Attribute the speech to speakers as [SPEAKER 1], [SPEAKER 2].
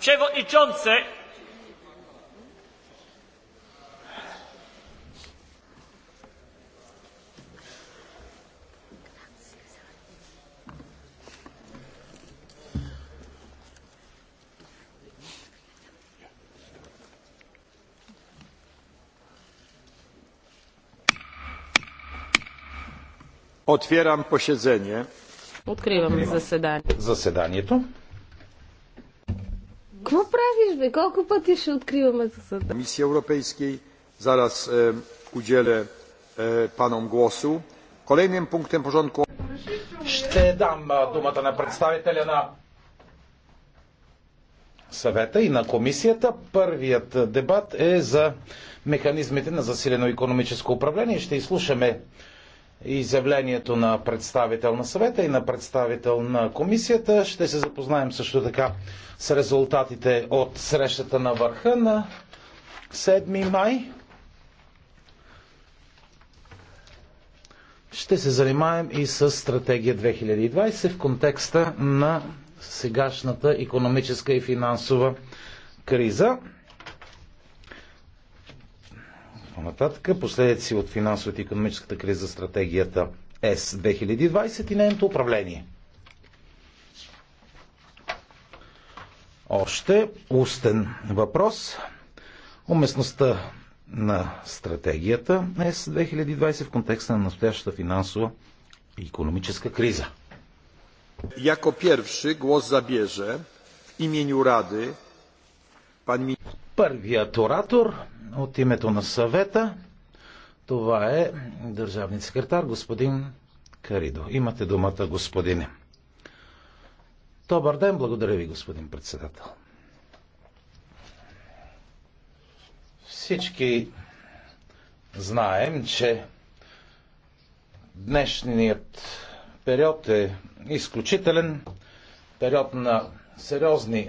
[SPEAKER 1] Przewodniczący! Otwieram posiedzenie. Откривам заседание. Заседанието. Какво правиш, бе? Колко пъти ще откриваме съда? Мисия Европейски, зараз е, уделя е, паном гласу. Kolejnym punktem porządku... Ще дам думата на представителя на съвета и на комисията. Първият дебат е за механизмите на засилено економическо управление. Ще изслушаме изявлението на представител на съвета и на представител на комисията. Ще се запознаем също така с резултатите от срещата на върха на 7 май. Ще се занимаем и с стратегия 2020 в контекста на сегашната економическа и финансова криза. По-нататък, последици от финансовата и економическата криза, стратегията С-2020 и нейното управление. Още устен въпрос. Уместността на стратегията С-2020 в контекста на настоящата финансова и економическа криза. Яко първи глас забеже в имени Рады Първият оратор от името на съвета, това е държавният секретар господин Каридо. Имате думата, господине. Добър ден, благодаря ви, господин председател. Всички знаем, че днешният период е изключителен период на сериозни